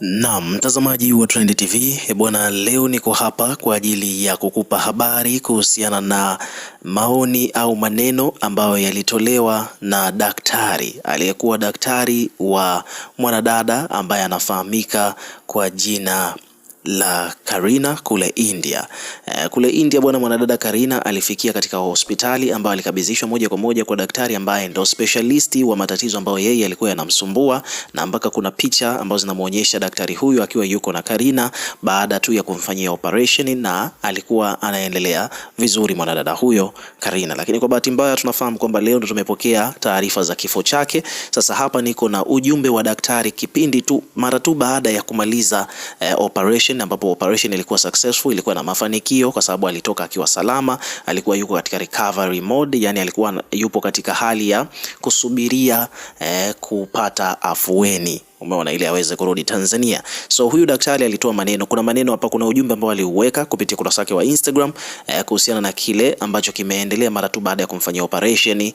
Naam, mtazamaji wa Trend TV eh, bwana, leo niko hapa kwa ajili ya kukupa habari kuhusiana na maoni au maneno ambayo yalitolewa na daktari aliyekuwa daktari wa mwanadada ambaye anafahamika kwa jina la Karina kule India. Eh, kule India bwana, mwanadada Karina alifikia katika hospitali ambayo alikabidhishwa moja kwa moja kwa daktari ambaye ndo specialist wa matatizo ambayo yeye alikuwa yanamsumbua, na mpaka kuna picha ambazo zinamuonyesha daktari huyu akiwa yuko na Karina baada tu ya kumfanyia operation, na alikuwa anaendelea vizuri mwanadada huyo Karina. Lakini kwa bahati mbaya tunafahamu kwamba leo ndo tumepokea taarifa za kifo chake. Sasa hapa niko na ujumbe wa daktari kipindi tu mara tu baada ya kumaliza eh, operation operation, ambapo operation ilikuwa successful, ilikuwa na mafanikio kwa sababu alitoka akiwa salama, alikuwa yuko katika recovery mode, yani alikuwa yupo katika hali ya kusubiria eh, kupata afueni umeona, ili aweze kurudi Tanzania. So huyu daktari alitoa maneno, kuna maneno hapa, kuna ujumbe ambao aliuweka kupitia kurasa yake wa Instagram eh, kuhusiana na kile ambacho kimeendelea mara tu baada ya kumfanyia operation eh,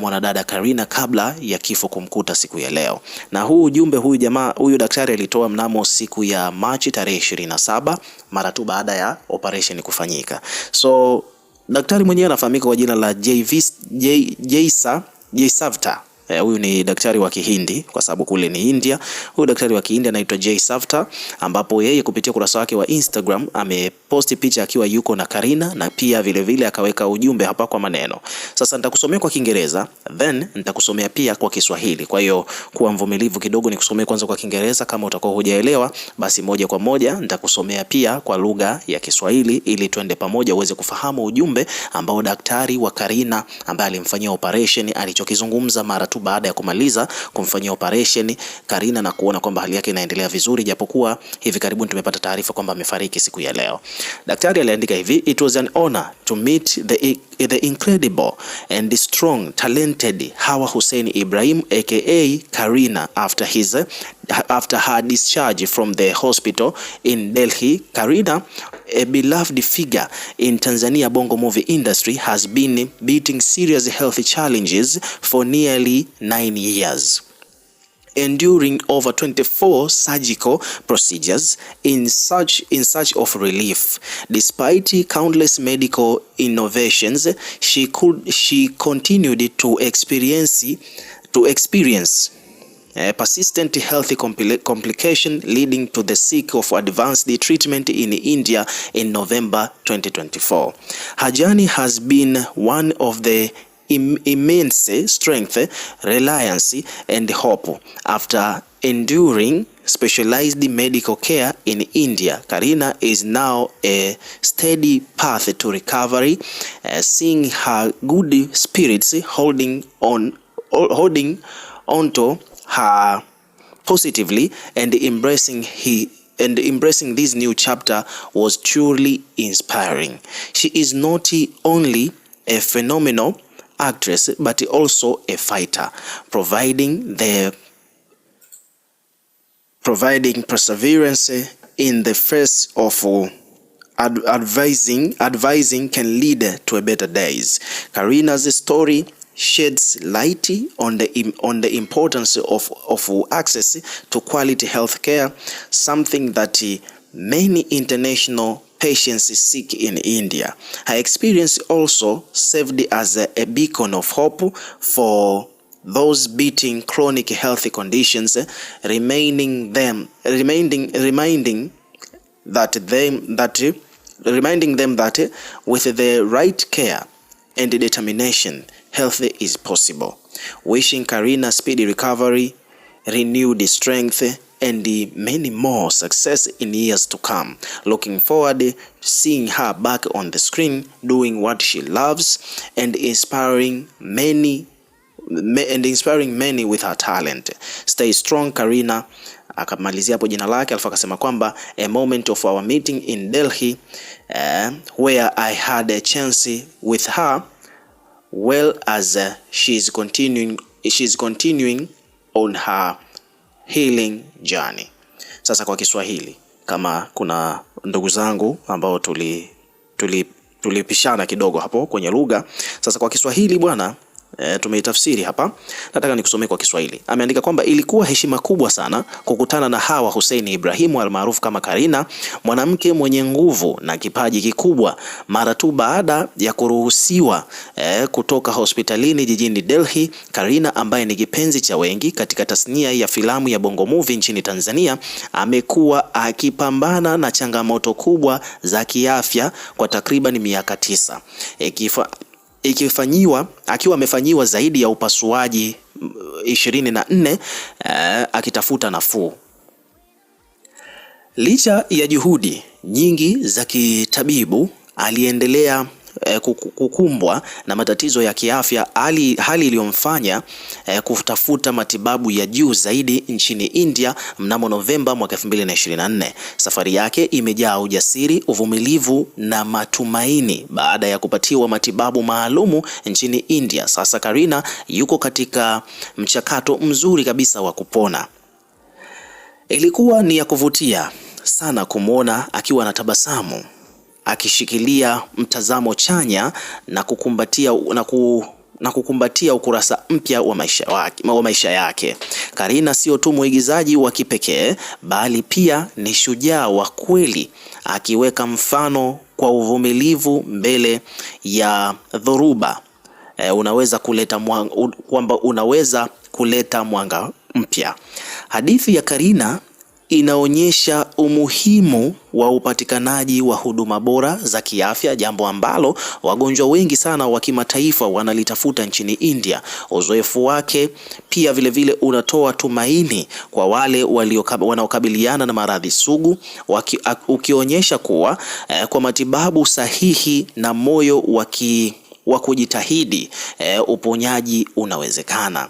mwanadada Karina kabla ya kifo kumkuta siku ya leo. Na huu ujumbe huyu jamaa huyu daktari alitoa mnamo siku ya Machi tarehe 27 mara tu baada ya operation kufanyika. So daktari mwenyewe anafahamika kwa jina la JV, J, Eh, huyu ni daktari wa Kihindi kwa sababu kule ni India. Huyu daktari wa Kihindi anaitwa Jay Safta, ambapo yeye kupitia ukurasa wake wa Instagram ameposti picha akiwa yuko na Karina na pia vilevile vile akaweka ujumbe hapa kwa maneno. Sasa nitakusomea kwa Kiingereza then nitakusomea pia kwa Kiswahili. Kwa hiyo kuwa mvumilivu kidogo, nikusomee kwanza kwa Kiingereza. Kama utakuwa hujaelewa, basi moja kwa moja nitakusomea pia kwa lugha ya Kiswahili ili tuende pamoja uweze kufahamu ujumbe ambao daktari wa Karina ambaye alimfanyia operation alichokizungumza mara tu baada ya kumaliza kumfanyia operation Karina na kuona kwamba hali yake inaendelea vizuri, japokuwa hivi karibuni tumepata taarifa kwamba amefariki siku ya leo. Daktari aliandika hivi, it was an honor to meet the Eh, the incredible and strong talented Hawa Hussein Ibrahim aka Karina after his eh, after her discharge from the hospital in Delhi. Karina, a beloved figure in Tanzania Bongo movie industry, has been beating serious health challenges for nearly nine years enduring over 24 surgical procedures in search, in search of relief. Despite countless medical innovations, she, could, she continued to experience, to experience a eh, persistent health complication leading to the seek of advanced treatment in India in November 2024. Hajani has been one of the immense strength, reliance and hope after enduring specialized medical care in India. Karina is now a steady path to recovery, uh, seeing her good spirits holding on holding onto her positively and embracing he and embracing this new chapter was truly inspiring. She is not only a phenomenal actress but also a fighter providing the providing perseverance in the face of uh, ad advising advising can lead to a better days. Karina's story sheds light on the on the importance of of access to quality health care, something that uh, many international patients sick in India. Her experience also served as a, a beacon of hope for those beating chronic health conditions, remaining them, reminding, reminding that them that reminding them that with the right care and determination, health is possible. Wishing Karina speedy recovery, renewed strength and many more success in years to come. Looking forward seeing her back on the screen doing what she loves and inspiring many and inspiring many with her talent. Stay strong Karina. Akamalizia hapo jina lake alafu akasema kwamba a moment of our meeting in Delhi uh, where I had a chance with her well as uh, eh, is continuing is continuing on her healing journey. Sasa kwa Kiswahili, kama kuna ndugu zangu ambao tuli tulipishana tuli kidogo hapo kwenye lugha. Sasa kwa Kiswahili bwana E, tumeitafsiri hapa, nataka nikusomee kwa Kiswahili. Ameandika kwamba ilikuwa heshima kubwa sana kukutana na Hawa Hussein Ibrahimu almaarufu kama Karina, mwanamke mwenye nguvu na kipaji kikubwa, mara tu baada ya kuruhusiwa e, kutoka hospitalini jijini Delhi. Karina ambaye ni kipenzi cha wengi katika tasnia ya filamu ya Bongo Movie nchini Tanzania, amekuwa akipambana na changamoto kubwa za kiafya kwa takriban miaka tisa. E, ikifanyiwa akiwa amefanyiwa zaidi ya upasuaji uh, ishirini na nne uh, akitafuta nafuu. Licha ya juhudi nyingi za kitabibu aliendelea eh, kukumbwa na matatizo ya kiafya hali, hali iliyomfanya eh, kutafuta matibabu ya juu zaidi nchini India mnamo Novemba mwaka 2024. Safari yake imejaa ujasiri, uvumilivu na matumaini baada ya kupatiwa matibabu maalumu nchini India. Sasa Karina yuko katika mchakato mzuri kabisa wa kupona. Ilikuwa ni ya kuvutia sana kumwona akiwa na tabasamu akishikilia mtazamo chanya na kukumbatia, na ku, na kukumbatia ukurasa mpya wa maisha, wa maisha yake. Karina sio tu mwigizaji wa kipekee bali pia ni shujaa wa kweli akiweka mfano kwa uvumilivu mbele ya dhoruba. E, unaweza kuleta kwamba unaweza kuleta mwanga mpya. Hadithi ya Karina inaonyesha umuhimu wa upatikanaji wa huduma bora za kiafya, jambo ambalo wagonjwa wengi sana wa kimataifa wanalitafuta nchini India. Uzoefu wake pia vilevile vile unatoa tumaini kwa wale wanaokabiliana na maradhi sugu waki, ukionyesha kuwa eh, kwa matibabu sahihi na moyo waki wa kujitahidi e, uponyaji unawezekana.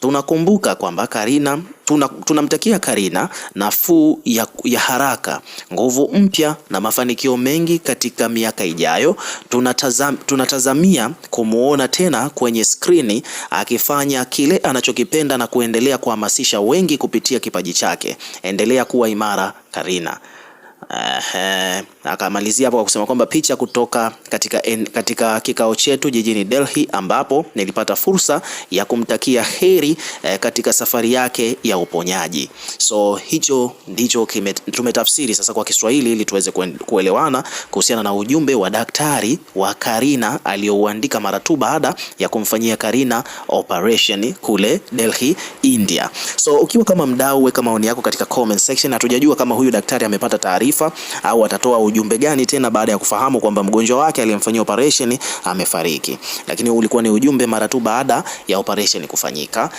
Tunakumbuka kwamba Karina tuna, tunamtakia Karina nafuu ya, ya haraka, nguvu mpya na mafanikio mengi katika miaka ijayo. Tunatazam, tunatazamia kumuona tena kwenye skrini akifanya kile anachokipenda na kuendelea kuhamasisha wengi kupitia kipaji chake. Endelea kuwa imara Karina. Ehe na akamalizia hapo kwa kusema kwamba picha kutoka katika, en, katika kikao chetu jijini Delhi ambapo nilipata fursa ya kumtakia heri eh, katika safari yake ya uponyaji. So hicho ndicho tumetafsiri sasa kwa Kiswahili ili tuweze kuelewana kuhusiana na ujumbe wa daktari wa Karina aliyouandika mara tu baada ya kumfanyia Karina operation kule Delhi, India. So ukiwa kama mdau, weka maoni yako katika comment section. Hatujajua kama huyu daktari amepata taarifa au atatoa ujumbe ujumbe gani tena baada ya kufahamu kwamba mgonjwa wake aliyemfanyia operation amefariki. Lakini ulikuwa ni ujumbe mara tu baada ya operation kufanyika.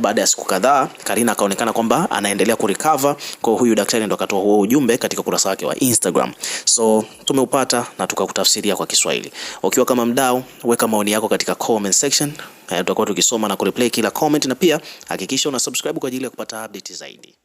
Baada ya siku kadhaa, Karina akaonekana kwamba anaendelea kurecover, kwa huyu daktari ndo akatoa huo ujumbe katika kurasa wake wa Instagram. So tumeupata na tukakutafsiria kwa Kiswahili. Ukiwa kama mdau, weka maoni yako katika comment section. Eh, tutakuwa tukisoma na kureply kila comment, na pia hakikisha una subscribe kwa ajili ya kupata update zaidi.